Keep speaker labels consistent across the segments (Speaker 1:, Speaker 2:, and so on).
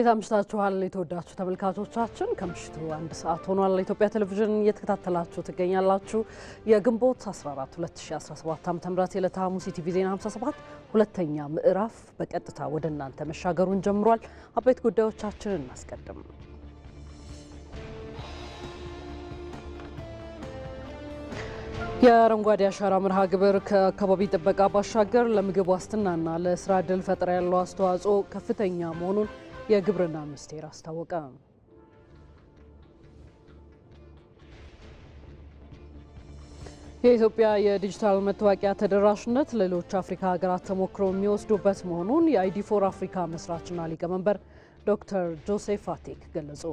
Speaker 1: እንዴት አምሽታችኋል የተወዳችሁ ተመልካቾቻችን? ከምሽቱ አንድ ሰዓት ሆኗል። ኢትዮጵያ ቴሌቪዥን እየተከታተላችሁ ትገኛላችሁ። የግንቦት 14 2017 ዓ.ም የዕለተ ሐሙስ ኢቲቪ ዜና 57 ሁለተኛ ምዕራፍ በቀጥታ ወደ እናንተ መሻገሩን ጀምሯል። አበይት ጉዳዮቻችንን እናስቀድም። የአረንጓዴ አሻራ መርሃ ግብር ከአካባቢ ጥበቃ ባሻገር ለምግብ ዋስትናና ለስራ እድል ፈጠራ ያለው አስተዋጽኦ ከፍተኛ መሆኑን የግብርና ሚኒስቴር አስታወቀ። የኢትዮጵያ የዲጂታል መታወቂያ ተደራሽነት ለሌሎች አፍሪካ ሀገራት ተሞክሮ የሚወስዱበት መሆኑን የአይዲ ፎር አፍሪካ መስራችና ሊቀመንበር ዶክተር ጆሴፍ አቴክ ገለጹ።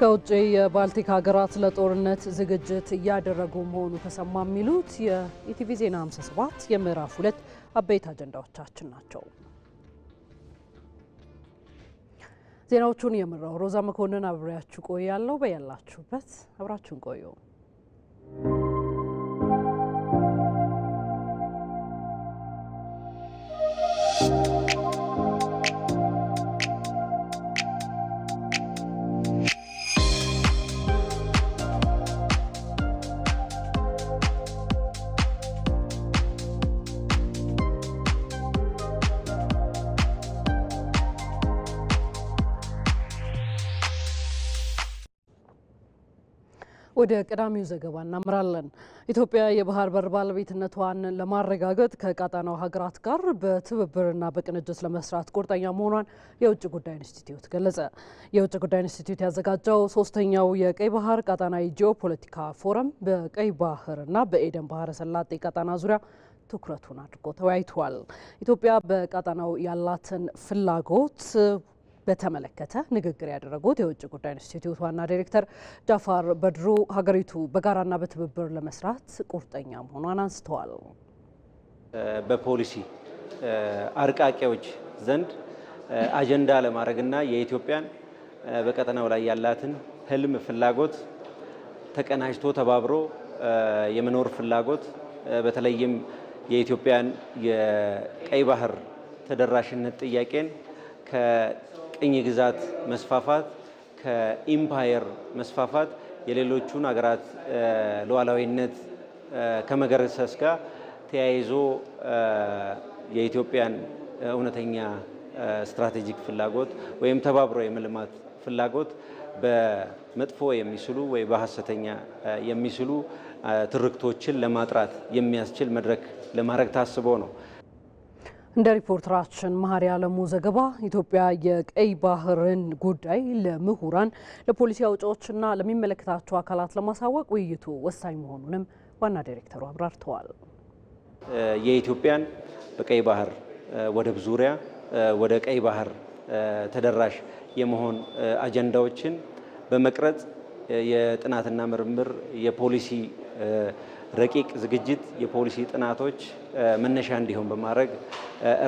Speaker 1: ከውጭ የባልቲክ ሀገራት ለጦርነት ዝግጅት እያደረጉ መሆኑ ተሰማ የሚሉት የኢቲቪ ዜና 57 የምዕራፍ ሁለት አበይት አጀንዳዎቻችን ናቸው። ዜናዎቹን የምራው ሮዛ መኮንን አብሬያችሁ ቆያለሁ። በያላችሁበት አብራችሁን ቆዩ። ወደ ቀዳሚው ዘገባ እናምራለን። ኢትዮጵያ የባህር በር ባለቤትነቷን ለማረጋገጥ ከቀጣናው ሀገራት ጋር በትብብርና በቅንጅት ለመስራት ቁርጠኛ መሆኗን የውጭ ጉዳይ ኢንስቲትዩት ገለጸ። የውጭ ጉዳይ ኢንስቲትዩት ያዘጋጀው ሶስተኛው የቀይ ባህር ቀጣናዊ ፖለቲካ ፎረም በቀይ ባህርና በኤደን ባህረ ሰላጤ ቀጣና ዙሪያ ትኩረቱን አድርጎ ተወያይቷል። ኢትዮጵያ በቀጠናው ያላትን ፍላጎት በተመለከተ ንግግር ያደረጉት የውጭ ጉዳይ ኢንስቲትዩት ዋና ዳይሬክተር ጃፋር በድሩ ሀገሪቱ በጋራና በትብብር ለመስራት ቁርጠኛ መሆኗን አንስተዋል።
Speaker 2: በፖሊሲ አርቃቂዎች ዘንድ አጀንዳ ለማድረግና የኢትዮጵያን በቀጠናው ላይ ያላትን ህልም፣ ፍላጎት ተቀናጅቶ ተባብሮ የመኖር ፍላጎት በተለይም የኢትዮጵያን የቀይ ባህር ተደራሽነት ጥያቄን ቅኝ ግዛት መስፋፋት ከኢምፓየር መስፋፋት የሌሎቹን ሀገራት ሉዓላዊነት ከመገረሰስ ጋር ተያይዞ የኢትዮጵያን እውነተኛ ስትራቴጂክ ፍላጎት ወይም ተባብሮ የመልማት ፍላጎት በመጥፎ የሚስሉ ወይ በሀሰተኛ የሚስሉ ትርክቶችን ለማጥራት የሚያስችል መድረክ ለማድረግ ታስቦ ነው።
Speaker 1: እንደ ሪፖርተራችን መሀሪ አለሙ ዘገባ ኢትዮጵያ የቀይ ባህርን ጉዳይ ለምሁራን፣ ለፖሊሲ አውጪዎችና ለሚመለከታቸው አካላት ለማሳወቅ ውይይቱ ወሳኝ መሆኑንም ዋና ዳይሬክተሩ አብራርተዋል።
Speaker 2: የኢትዮጵያን በቀይ ባህር ወደብ ዙሪያ ወደ ቀይ ባህር ተደራሽ የመሆን አጀንዳዎችን በመቅረጽ የጥናትና ምርምር የፖሊሲ ረቂቅ ዝግጅት የፖሊሲ ጥናቶች መነሻ እንዲሆን በማድረግ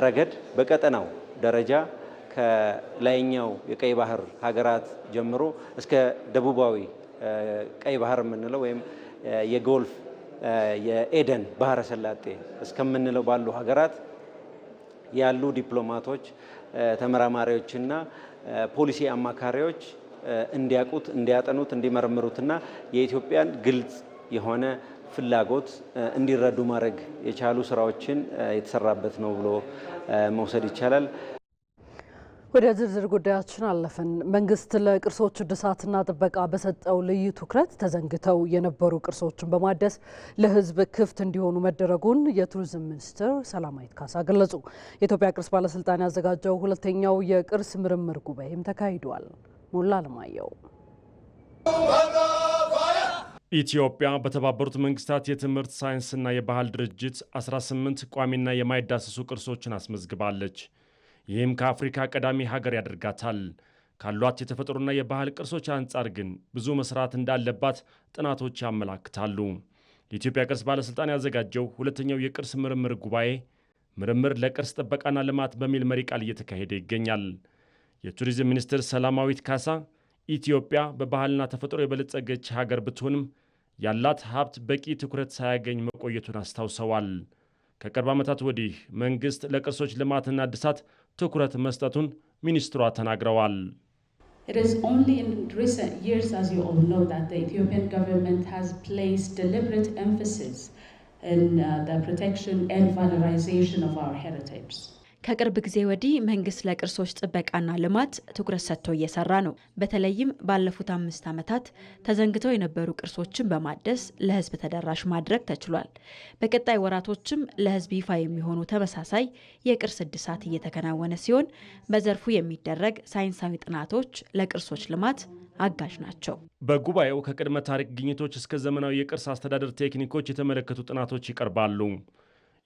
Speaker 2: ረገድ በቀጠናው ደረጃ ከላይኛው የቀይ ባህር ሀገራት ጀምሮ እስከ ደቡባዊ ቀይ ባህር የምንለው ወይም የጎልፍ የኤደን ባህረ ሰላጤ እስከምንለው ባሉ ሀገራት ያሉ ዲፕሎማቶች፣ ተመራማሪዎችና ፖሊሲ አማካሪዎች እንዲያውቁት፣ እንዲያጠኑት፣ እንዲመረምሩትና የኢትዮጵያን ግልጽ የሆነ ፍላጎት እንዲረዱ ማድረግ የቻሉ ስራዎችን የተሰራበት ነው ብሎ መውሰድ ይቻላል።
Speaker 1: ወደ ዝርዝር ጉዳያችን አለፍን። መንግስት ለቅርሶች እድሳትና ጥበቃ በሰጠው ልዩ ትኩረት ተዘንግተው የነበሩ ቅርሶችን በማደስ ለሕዝብ ክፍት እንዲሆኑ መደረጉን የቱሪዝም ሚኒስትር ሰላማዊት ካሳ ገለጹ። የኢትዮጵያ ቅርስ ባለስልጣን ያዘጋጀው ሁለተኛው የቅርስ ምርምር ጉባኤም ተካሂዷል። ሞላ አለማየሁ
Speaker 3: ኢትዮጵያ በተባበሩት መንግስታት የትምህርት ሳይንስና የባህል ድርጅት 18 ቋሚና የማይዳሰሱ ቅርሶችን አስመዝግባለች። ይህም ከአፍሪካ ቀዳሚ ሀገር ያደርጋታል። ካሏት የተፈጥሮና የባህል ቅርሶች አንጻር ግን ብዙ መስራት እንዳለባት ጥናቶች ያመላክታሉ። የኢትዮጵያ ቅርስ ባለሥልጣን ያዘጋጀው ሁለተኛው የቅርስ ምርምር ጉባኤ ምርምር ለቅርስ ጥበቃና ልማት በሚል መሪ ቃል እየተካሄደ ይገኛል። የቱሪዝም ሚኒስትር ሰላማዊት ካሳ ኢትዮጵያ በባህልና ተፈጥሮ የበለጸገች ሀገር ብትሆንም ያላት ሀብት በቂ ትኩረት ሳያገኝ መቆየቱን አስታውሰዋል። ከቅርብ ዓመታት ወዲህ መንግሥት ለቅርሶች ልማትና እድሳት ትኩረት መስጠቱን ሚኒስትሯ ተናግረዋል።
Speaker 4: ኢትዮጵያን
Speaker 1: ከቅርብ ጊዜ ወዲህ መንግስት ለቅርሶች ጥበቃና ልማት ትኩረት ሰጥቶ እየሰራ ነው። በተለይም ባለፉት አምስት ዓመታት ተዘንግተው የነበሩ ቅርሶችን በማደስ ለህዝብ ተደራሽ ማድረግ ተችሏል። በቀጣይ ወራቶችም ለህዝብ ይፋ የሚሆኑ ተመሳሳይ የቅርስ እድሳት እየተከናወነ ሲሆን በዘርፉ የሚደረግ ሳይንሳዊ ጥናቶች ለቅርሶች ልማት አጋዥ ናቸው።
Speaker 3: በጉባኤው ከቅድመ ታሪክ ግኝቶች እስከ ዘመናዊ የቅርስ አስተዳደር ቴክኒኮች የተመለከቱ ጥናቶች ይቀርባሉ።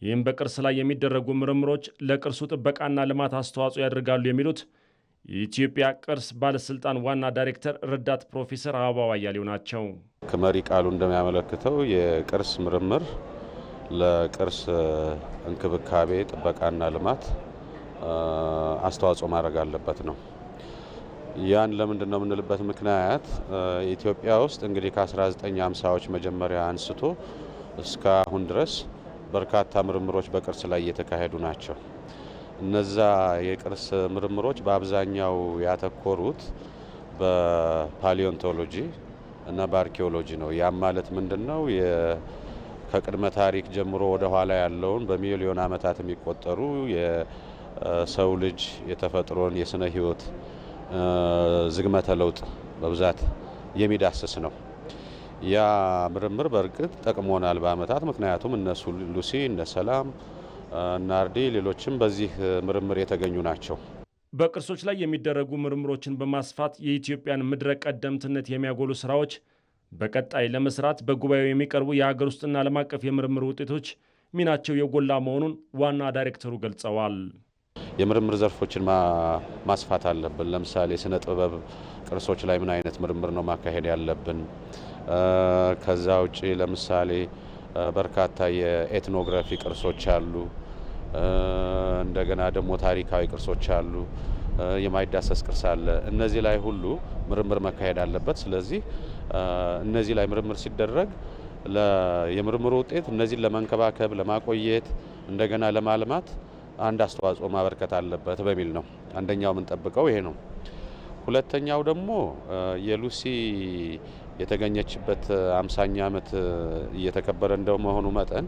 Speaker 3: ይህም በቅርስ ላይ የሚደረጉ ምርምሮች ለቅርሱ ጥበቃና ልማት አስተዋጽኦ ያደርጋሉ የሚሉት የኢትዮጵያ ቅርስ ባለስልጣን ዋና ዳይሬክተር ረዳት ፕሮፌሰር አበባው አያሌው ናቸው።
Speaker 5: ከመሪ ቃሉ እንደሚያመለክተው የቅርስ ምርምር ለቅርስ እንክብካቤ ጥበቃና ልማት አስተዋጽኦ ማድረግ አለበት ነው። ያን ለምንድን ነው የምንልበት ምክንያት ኢትዮጵያ ውስጥ እንግዲህ ከ1950ዎች መጀመሪያ አንስቶ አሁን ድረስ በርካታ ምርምሮች በቅርስ ላይ እየተካሄዱ ናቸው። እነዛ የቅርስ ምርምሮች በአብዛኛው ያተኮሩት በፓሊዮንቶሎጂ እና በአርኪኦሎጂ ነው። ያም ማለት ምንድን ነው? ከቅድመ ታሪክ ጀምሮ ወደ ኋላ ያለውን በሚሊዮን ዓመታት የሚቆጠሩ የሰው ልጅ የተፈጥሮን የስነ ሕይወት ዝግመተ ለውጥ በብዛት የሚዳስስ ነው። ያ ምርምር በእርግጥ ጠቅሞናል በአመታት። ምክንያቱም እነሱ ሉሲ፣ እነ ሰላም፣ እነ አርዲ ሌሎችም በዚህ ምርምር የተገኙ ናቸው።
Speaker 3: በቅርሶች ላይ የሚደረጉ ምርምሮችን በማስፋት የኢትዮጵያን ምድረ ቀደምትነት የሚያጎሉ ስራዎች በቀጣይ ለመስራት በጉባኤው የሚቀርቡ የሀገር ውስጥና ዓለም አቀፍ የምርምር ውጤቶች ሚናቸው የጎላ መሆኑን ዋና ዳይሬክተሩ ገልጸዋል።
Speaker 5: የምርምር ዘርፎችን ማስፋት አለብን። ለምሳሌ ስነ ጥበብ ቅርሶች ላይ ምን አይነት ምርምር ነው ማካሄድ ያለብን? ከዛ ውጪ ለምሳሌ በርካታ የኤትኖግራፊ ቅርሶች አሉ። እንደገና ደግሞ ታሪካዊ ቅርሶች አሉ። የማይዳሰስ ቅርስ አለ። እነዚህ ላይ ሁሉ ምርምር መካሄድ አለበት። ስለዚህ እነዚህ ላይ ምርምር ሲደረግ የምርምሩ ውጤት እነዚህን ለመንከባከብ፣ ለማቆየት እንደገና ለማልማት አንድ አስተዋጽኦ ማበርከት አለበት በሚል ነው። አንደኛው የምንጠብቀው ይሄ ነው። ሁለተኛው ደግሞ የሉሲ የተገኘችበት አምሳኛ ዓመት እየተከበረ እንደመሆኑ መጠን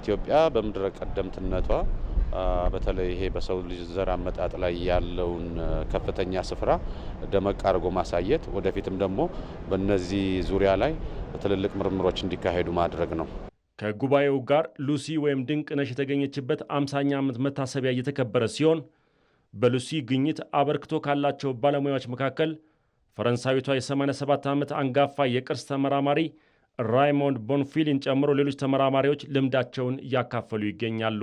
Speaker 5: ኢትዮጵያ በምድረ ቀደምትነቷ በተለይ ይሄ በሰው ልጅ ዘር አመጣጥ ላይ ያለውን ከፍተኛ ስፍራ ደመቅ አድርጎ ማሳየት ወደፊትም ደግሞ በነዚህ ዙሪያ ላይ ትልልቅ ምርምሮች እንዲካሄዱ ማድረግ ነው። ከጉባኤው ጋር ሉሲ ወይም ድንቅነሽ የተገኘችበት አምሳኛ ዓመት መታሰቢያ እየተከበረ ሲሆን በሉሲ ግኝት አበርክቶ ካላቸው ባለሙያዎች መካከል ፈረንሳዊቷ የ87 ዓመት አንጋፋ የቅርስ ተመራማሪ ራይሞንድ ቦንፊልን ጨምሮ ሌሎች ተመራማሪዎች ልምዳቸውን እያካፈሉ ይገኛሉ።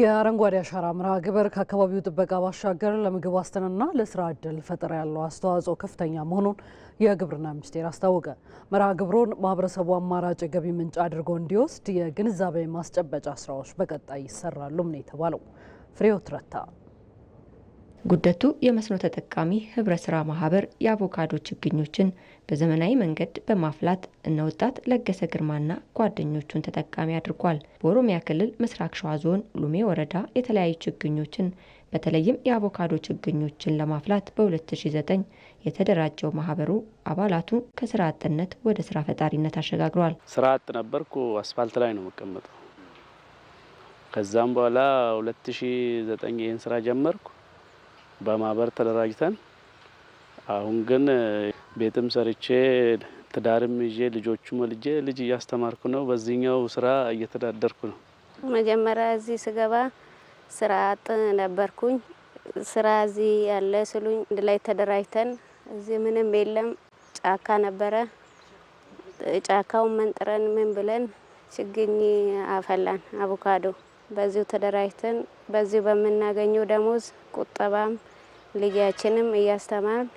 Speaker 5: የአረንጓዴ አሻራ መርሃ ግብር ከአካባቢው ጥበቃ ባሻገር ለምግብ ዋስትናና ለስራ እድል ፈጠራ ያለው አስተዋጽኦ ከፍተኛ መሆኑን የግብርና ሚኒስቴር አስታወቀ። መርሃ ግብሩን ማህበረሰቡ አማራጭ የገቢ ምንጭ አድርጎ እንዲወስድ የግንዛቤ ማስጨበጫ ስራዎች በቀጣይ ይሰራሉም ነው የተባለው። ፍሬው ትረታ ጉደቱ የመስኖ ተጠቃሚ ህብረ ስራ ማህበር የአቮካዶ ችግኞችን በዘመናዊ መንገድ በማፍላት እነ ወጣት ለገሰ ግርማና ጓደኞቹን ተጠቃሚ አድርጓል። በኦሮሚያ ክልል ምስራቅ ሸዋ ዞን ሉሜ ወረዳ የተለያዩ ችግኞችን በተለይም የአቮካዶ ችግኞችን ለማፍላት በ2009 የተደራጀው ማህበሩ አባላቱ ከስራ አጥነት ወደ ስራ ፈጣሪነት አሸጋግሯል። ስራ አጥ ነበርኩ፣ አስፋልት ላይ ነው የምቀመጠው። ከዛም በኋላ 2009 ይህን ስራ ጀመርኩ። በማህበር ተደራጅተን አሁን ግን ቤትም ሰርቼ ትዳርም ይዤ ልጆቹ መልጄ ልጅ እያስተማርኩ ነው። በዚህኛው ስራ እየተዳደርኩ ነው። መጀመሪያ እዚህ ስገባ ስራ አጥ ነበርኩኝ። ስራ እዚህ ያለ ስሉኝ ላይ ተደራጅተን እዚህ ምንም የለም፣ ጫካ ነበረ። ጫካውን መንጥረን ምን ብለን ችግኝ አፈላን፣ አቮካዶ በዚሁ ተደራጅተን በዚሁ በምናገኘው ደሞዝ ቁጠባም ልጃችንም እያስተማርን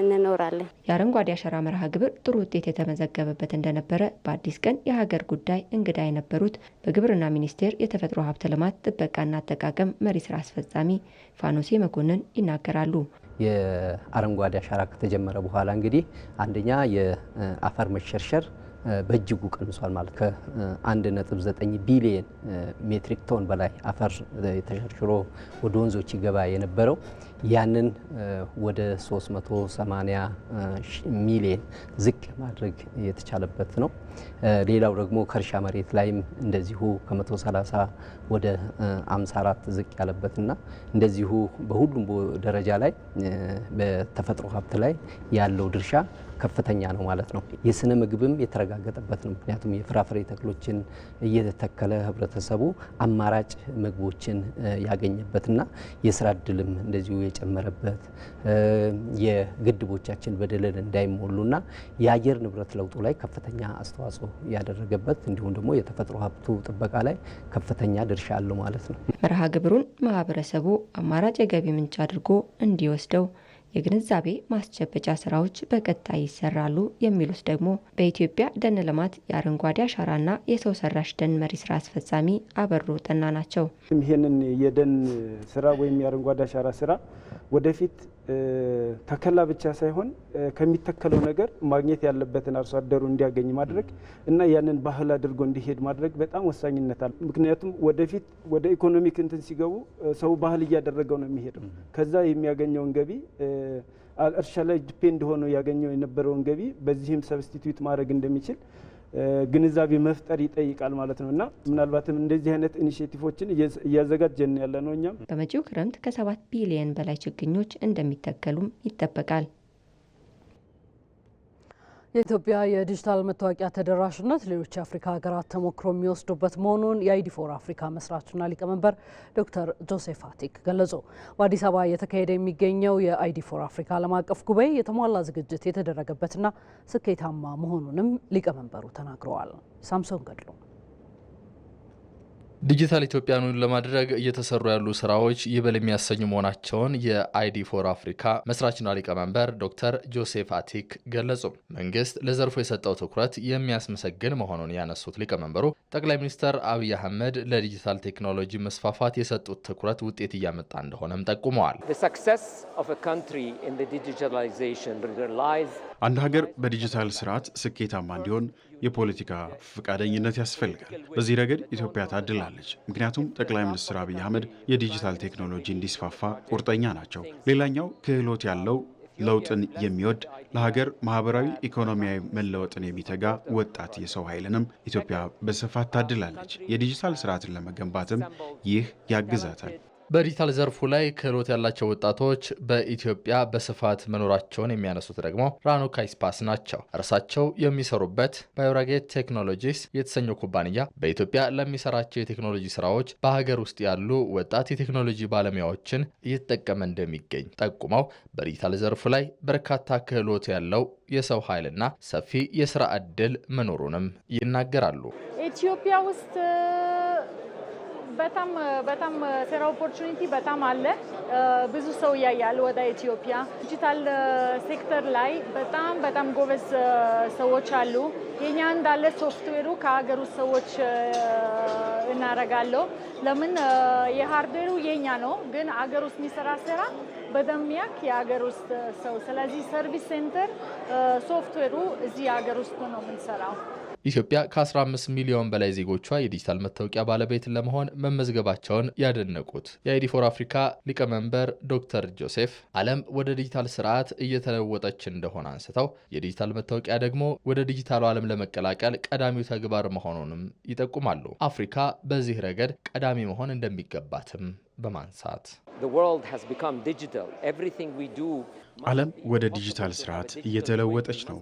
Speaker 5: እንኖራለን። የአረንጓዴ አሻራ መርሃ ግብር ጥሩ ውጤት የተመዘገበበት እንደነበረ በአዲስ ቀን የሀገር ጉዳይ እንግዳ የነበሩት በግብርና ሚኒስቴር የተፈጥሮ ሀብት ልማት ጥበቃና አጠቃቀም መሪ ስራ አስፈጻሚ ፋኖሴ መኮንን ይናገራሉ። የአረንጓዴ አሻራ ከተጀመረ በኋላ እንግዲህ አንደኛ የአፈር መሸርሸር በእጅጉ ቀንሷል ማለት ከአንድ ነጥብ ዘጠኝ ቢሊየን ሜትሪክ ቶን በላይ አፈር ተሸርሽሮ ወደ ወንዞች ይገባ የነበረው ያንን ወደ 380 ሚሊየን ዝቅ ማድረግ የተቻለበት ነው። ሌላው ደግሞ ከእርሻ መሬት ላይም እንደዚሁ ከ130 ወደ 54 ዝቅ ያለበትና እንደዚሁ በሁሉም ደረጃ ላይ በተፈጥሮ ሀብት ላይ ያለው ድርሻ ከፍተኛ ነው ማለት ነው። የስነ ምግብም የተረጋገጠበት ነው። ምክንያቱም የፍራፍሬ ተክሎችን እየተተከለ ህብረተሰቡ አማራጭ ምግቦችን ያገኘበትና የስራ እድልም እንደዚሁ የጨመረበት የግድቦቻችን በደለል እንዳይሞሉና የአየር ንብረት ለውጡ ላይ ከፍተኛ አስተዋጽኦ ያደረገበት እንዲሁም ደግሞ የተፈጥሮ ሀብቱ ጥበቃ ላይ ከፍተኛ ድርሻ አለው ማለት ነው። መርሃ ግብሩን ማህበረሰቡ አማራጭ የገቢ ምንጭ አድርጎ እንዲወስደው የግንዛቤ ማስጨበጫ ስራዎች በቀጣይ ይሰራሉ የሚሉት ደግሞ በኢትዮጵያ ደን ልማት የአረንጓዴ አሻራና የሰው ሰራሽ ደን መሪ ስራ አስፈጻሚ አበሩ ጠና ናቸው። ይህንን የደን ስራ ወይም የአረንጓዴ አሻራ ስራ ወደፊት ተከላ ብቻ ሳይሆን ከሚተከለው ነገር ማግኘት ያለበትን አርሶ አደሩ እንዲያገኝ ማድረግ እና ያንን ባህል አድርጎ እንዲሄድ ማድረግ በጣም ወሳኝነት አለ። ምክንያቱም ወደፊት ወደ ኢኮኖሚክ እንትን ሲገቡ ሰው ባህል እያደረገው ነው የሚሄደው። ከዛ የሚያገኘውን ገቢ እርሻ ላይ ዲፔንድ ሆኖ ያገኘው የነበረውን ገቢ በዚህም ሰብስቲትዩት ማድረግ እንደሚችል ግንዛቤ መፍጠር ይጠይቃል ማለት ነው እና ምናልባትም እንደዚህ አይነት ኢኒሽቲቮችን እያዘጋጀን ያለ ነው። እኛም በመጪው ክረምት ከሰባት ቢሊየን በላይ ችግኞች እንደሚተከሉም ይጠበቃል። የኢትዮጵያ የዲጂታል መታወቂያ ተደራሽነት ሌሎች የአፍሪካ ሀገራት ተሞክሮ የሚወስዱበት መሆኑን የአይዲ ፎር አፍሪካ መስራችና ሊቀመንበር ዶክተር ጆሴፍ አቲክ ገለጹ። በአዲስ አበባ እየተካሄደ የሚገኘው የአይዲ ፎር አፍሪካ ዓለም አቀፍ ጉባኤ የተሟላ ዝግጅት የተደረገበትና ስኬታማ መሆኑንም ሊቀመንበሩ ተናግረዋል። ሳምሶን ገድሎ ዲጂታል ኢትዮጵያኑን ለማድረግ እየተሰሩ ያሉ ስራዎች ይበል የሚያሰኙ መሆናቸውን የአይዲ ፎር አፍሪካ መስራችና ሊቀመንበር ዶክተር ጆሴፍ አቲክ ገለጹ። መንግስት ለዘርፉ የሰጠው ትኩረት የሚያስመሰግን መሆኑን ያነሱት ሊቀመንበሩ ጠቅላይ ሚኒስትር አብይ አህመድ ለዲጂታል ቴክኖሎጂ መስፋፋት የሰጡት ትኩረት ውጤት እያመጣ እንደሆነም ጠቁመዋል። አንድ ሀገር በዲጂታል ስርዓት ስኬታማ እንዲሆን የፖለቲካ ፈቃደኝነት ያስፈልጋል። በዚህ ረገድ ኢትዮጵያ ታድላለች፣ ምክንያቱም ጠቅላይ ሚኒስትር አብይ አህመድ የዲጂታል ቴክኖሎጂ እንዲስፋፋ ቁርጠኛ ናቸው። ሌላኛው ክህሎት ያለው ለውጥን የሚወድ ለሀገር ማህበራዊ፣ ኢኮኖሚያዊ መለወጥን የሚተጋ ወጣት የሰው ኃይልንም ኢትዮጵያ በስፋት ታድላለች። የዲጂታል ስርዓትን ለመገንባትም ይህ ያግዛታል። በዲጂታል ዘርፉ ላይ ክህሎት ያላቸው ወጣቶች በኢትዮጵያ በስፋት መኖራቸውን የሚያነሱት ደግሞ ራኖ ካይስፓስ ናቸው። እርሳቸው የሚሰሩበት ባዮራጌት ቴክኖሎጂስ የተሰኘው ኩባንያ በኢትዮጵያ ለሚሰራቸው የቴክኖሎጂ ስራዎች በሀገር ውስጥ ያሉ ወጣት የቴክኖሎጂ ባለሙያዎችን እየተጠቀመ እንደሚገኝ ጠቁመው በዲጂታል ዘርፉ ላይ በርካታ ክህሎት ያለው የሰው ኃይልና ሰፊ የስራ እድል መኖሩንም ይናገራሉ። ኢትዮጵያ ውስጥ በጣም በጣም ስራ ኦፖርቹኒቲ በጣም አለ። ብዙ ሰው ያያል ወደ ኢትዮጵያ። ዲጂታል ሴክተር ላይ በጣም በጣም ጎበዝ ሰዎች አሉ። የኛ እንዳለ ሶፍትዌሩ ከሀገር ውስጥ ሰዎች እናረጋለሁ። ለምን የሃርድዌሩ የኛ ነው፣ ግን አገር ውስጥ የሚሰራ ስራ በደንብ ያክ የሀገር ውስጥ ሰው። ስለዚህ ሰርቪስ ሴንተር ሶፍትዌሩ እዚህ የሀገር ውስጥ ነው የምንሰራው። ኢትዮጵያ ከ15 ሚሊዮን በላይ ዜጎቿ የዲጂታል መታወቂያ ባለቤት ለመሆን መመዝገባቸውን ያደነቁት የአይዲፎር አፍሪካ ሊቀመንበር ዶክተር ጆሴፍ ዓለም ወደ ዲጂታል ስርዓት እየተለወጠች እንደሆነ አንስተው የዲጂታል መታወቂያ ደግሞ ወደ ዲጂታሉ ዓለም ለመቀላቀል ቀዳሚው ተግባር መሆኑንም ይጠቁማሉ። አፍሪካ በዚህ ረገድ ቀዳሚ መሆን እንደሚገባትም በማንሳት ዓለም ወደ ዲጂታል ስርዓት እየተለወጠች ነው።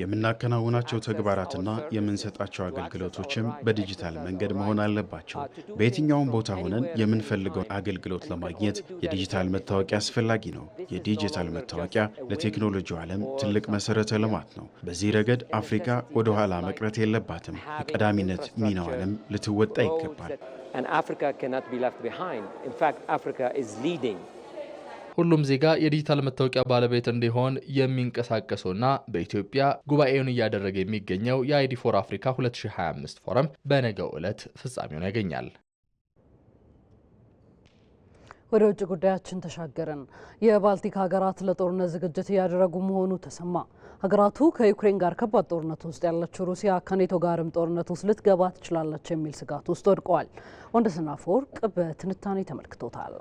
Speaker 5: የምናከናውናቸው ተግባራትና የምንሰጣቸው አገልግሎቶችም በዲጂታል መንገድ መሆን አለባቸው። uh, በየትኛውም ቦታ ሆነን የምንፈልገውን አገልግሎት ለማግኘት የዲጂታል መታወቂያ አስፈላጊ ነው። የዲጂታል መታወቂያ ለቴክኖሎጂው ዓለም ትልቅ መሰረተ ልማት ነው። በዚህ ረገድ አፍሪካ ወደ ኋላ መቅረት የለባትም። የቀዳሚነት ሚናዋንም ልትወጣ ይገባል። and Africa cannot be left behind. In fact, Africa is leading. ሁሉም ዜጋ የዲጂታል መታወቂያ ባለቤት እንዲሆን የሚንቀሳቀሰውና በኢትዮጵያ ጉባኤውን እያደረገ የሚገኘው የአይዲ ፎር አፍሪካ 2025 ፎረም በነገው ዕለት ፍጻሜውን ያገኛል። ወደ ውጭ ጉዳያችን ተሻገርን። የባልቲክ ሀገራት ለጦርነት ዝግጅት እያደረጉ መሆኑ ተሰማ። ሀገራቱ ከዩክሬን ጋር ከባድ ጦርነት ውስጥ ያለችው ሩሲያ ከኔቶ ጋርም ጦርነት ውስጥ ልትገባ ትችላለች የሚል ስጋት ውስጥ ወድቀዋል። ወንደስና አፈወርቅ በትንታኔ ተመልክቶታል።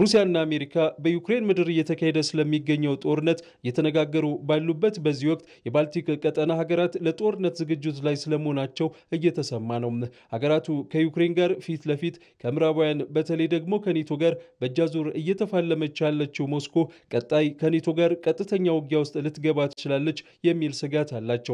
Speaker 5: ሩሲያና አሜሪካ በዩክሬን ምድር እየተካሄደ ስለሚገኘው ጦርነት እየተነጋገሩ ባሉበት በዚህ ወቅት የባልቲክ ቀጠና ሀገራት ለጦርነት ዝግጅት ላይ ስለመሆናቸው እየተሰማ ነው። ሀገራቱ ከዩክሬን ጋር ፊት ለፊት ከምዕራባውያን በተለይ ደግሞ ከኔቶ ጋር በእጃዙር እየተፋለመች ያለችው ሞስኮ ቀጣይ ከኔቶ ጋር ቀጥተኛ ውጊያ ውስጥ ልትገባ ትችላለች የሚል ስጋት አላቸው።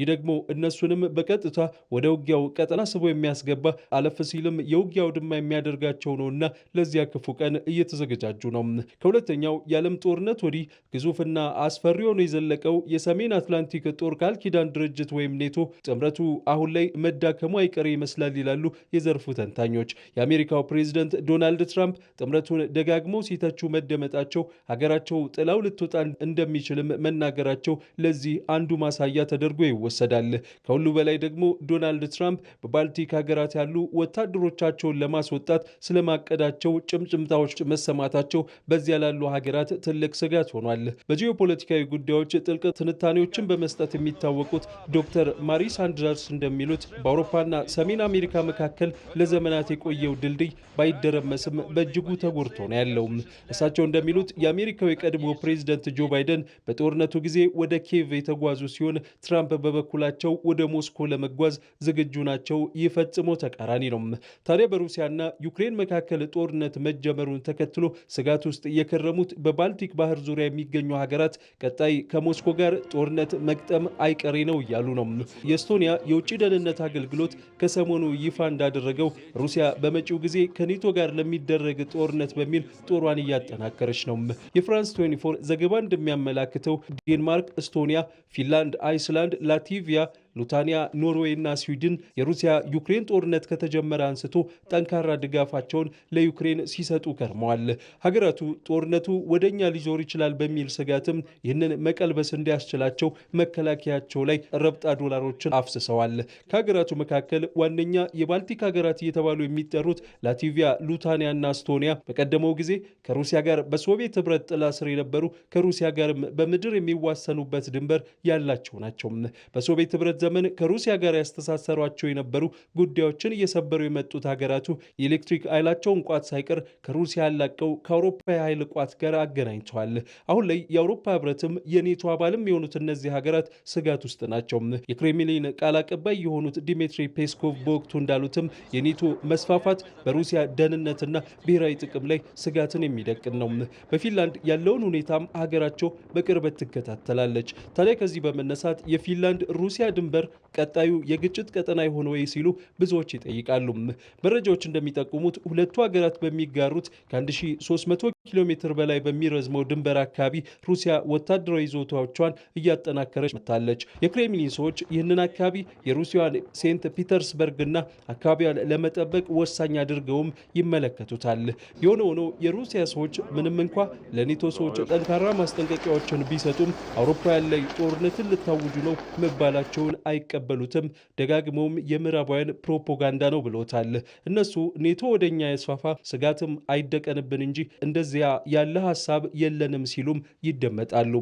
Speaker 5: ይህ ደግሞ እነሱንም በቀጥታ ወደ ውጊያው ቀጠና ስቦ የሚያስገባ አለፍ ሲልም የውጊያው ድማ የሚያደርጋቸው ነውና ለዚያ ክፉ ቀን እየተዘገጃጁ ነው። ከሁለተኛው የዓለም ጦርነት ወዲህ ግዙፍና አስፈሪ ሆኖ የዘለቀው የሰሜን አትላንቲክ ጦር ቃል ኪዳን ድርጅት ወይም ኔቶ ጥምረቱ አሁን ላይ መዳከሙ አይቀሬ ይመስላል ይላሉ የዘርፉ ተንታኞች። የአሜሪካው ፕሬዝደንት ዶናልድ ትራምፕ ጥምረቱን ደጋግመው ሲተቹ መደመጣቸው ሀገራቸው ጥላው ልትወጣ እንደሚችልም መናገራቸው ለዚህ አንዱ ማሳያ ተደርጎ ይወሰዳል። ከሁሉ በላይ ደግሞ ዶናልድ ትራምፕ በባልቲክ ሀገራት ያሉ ወታደሮቻቸውን ለማስወጣት ስለማቀዳቸው ጭምጭምታዎች መሰማታቸው በዚያ ላሉ ሀገራት ትልቅ ስጋት ሆኗል። በጂኦፖለቲካዊ ጉዳዮች ጥልቅ ትንታኔዎችን በመስጠት የሚታወቁት ዶክተር ማሪ ሳንደርስ እንደሚሉት በአውሮፓና ሰሜን አሜሪካ መካከል ለዘመናት የቆየው ድልድይ ባይደረመስም በእጅጉ ተጎድቶ ነው ያለው። እሳቸው እንደሚሉት የአሜሪካው የቀድሞ ፕሬዚደንት ጆ ባይደን በጦርነቱ ጊዜ ወደ ኪየቭ የተጓዙ ሲሆን ትራምፕ በበኩላቸው ወደ ሞስኮ ለመጓዝ ዝግጁ ናቸው። ይህ ፈጽሞ ተቃራኒ ነው። ታዲያ በሩሲያና ዩክሬን መካከል ጦርነት መጀመሩን ተከ ተከትሎ ስጋት ውስጥ የከረሙት በባልቲክ ባህር ዙሪያ የሚገኙ ሀገራት ቀጣይ ከሞስኮ ጋር ጦርነት መግጠም አይቀሬ ነው እያሉ ነው። የኤስቶኒያ የውጭ ደህንነት አገልግሎት ከሰሞኑ ይፋ እንዳደረገው ሩሲያ በመጪው ጊዜ ከኔቶ ጋር ለሚደረግ ጦርነት በሚል ጦሯን እያጠናከረች ነው። የፍራንስ 24 ዘገባ እንደሚያመላክተው ዴንማርክ፣ ኤስቶኒያ፣ ፊንላንድ፣ አይስላንድ፣ ላቲቪያ ሉታንያ፣ ኖርዌይ እና ስዊድን የሩሲያ ዩክሬን ጦርነት ከተጀመረ አንስቶ ጠንካራ ድጋፋቸውን ለዩክሬን ሲሰጡ ከርመዋል። ሀገራቱ ጦርነቱ ወደ እኛ ሊዞር ይችላል በሚል ስጋትም ይህንን መቀልበስ እንዲያስችላቸው መከላከያቸው ላይ ረብጣ ዶላሮችን አፍስሰዋል። ከሀገራቱ መካከል ዋነኛ የባልቲክ ሀገራት እየተባሉ የሚጠሩት ላቲቪያ፣ ሉታንያ እና ስቶኒያ በቀደመው ጊዜ ከሩሲያ ጋር በሶቪየት ህብረት ጥላ ስር የነበሩ ከሩሲያ ጋርም በምድር የሚዋሰኑበት ድንበር ያላቸው ናቸው። በሶቪየት ህብረት ዘመን ከሩሲያ ጋር ያስተሳሰሯቸው የነበሩ ጉዳዮችን እየሰበሩ የመጡት ሀገራቱ የኤሌክትሪክ ኃይላቸውን ቋት ሳይቀር ከሩሲያ ያላቀው ከአውሮፓ የኃይል ቋት ጋር አገናኝተዋል። አሁን ላይ የአውሮፓ ህብረትም የኔቶ አባልም የሆኑት እነዚህ ሀገራት ስጋት ውስጥ ናቸው። የክሬምሊን ቃል አቀባይ የሆኑት ዲሚትሪ ፔስኮቭ በወቅቱ እንዳሉትም የኔቶ መስፋፋት በሩሲያ ደህንነትና ብሔራዊ ጥቅም ላይ ስጋትን የሚደቅን ነው። በፊንላንድ ያለውን ሁኔታም ሀገራቸው በቅርበት ትከታተላለች። ታዲያ ከዚህ በመነሳት የፊንላንድ ሩሲያ ድንበ ድንበር ቀጣዩ የግጭት ቀጠና የሆነ ወይ ሲሉ ብዙዎች ይጠይቃሉ። መረጃዎች እንደሚጠቁሙት ሁለቱ ሀገራት በሚጋሩት ከ1300 ኪሎ ሜትር በላይ በሚረዝመው ድንበር አካባቢ ሩሲያ ወታደራዊ ይዞታዎቿን እያጠናከረች መታለች። የክሬምሊን ሰዎች ይህንን አካባቢ የሩሲያን ሴንት ፒተርስበርግና አካባቢዋን ለመጠበቅ ወሳኝ አድርገውም ይመለከቱታል። የሆነ ሆኖ የሩሲያ ሰዎች ምንም እንኳ ለኔቶ ሰዎች ጠንካራ ማስጠንቀቂያዎችን ቢሰጡም አውሮፓውያን ላይ ጦርነትን ልታውጁ ነው መባላቸውን አይቀበሉትም፣ ደጋግሞም የምዕራባውያን ፕሮፓጋንዳ ነው ብሎታል። እነሱ ኔቶ ወደኛ የስፋፋ ስጋትም አይደቀንብን እንጂ እንደዚያ ያለ ሀሳብ የለንም ሲሉም ይደመጣሉ።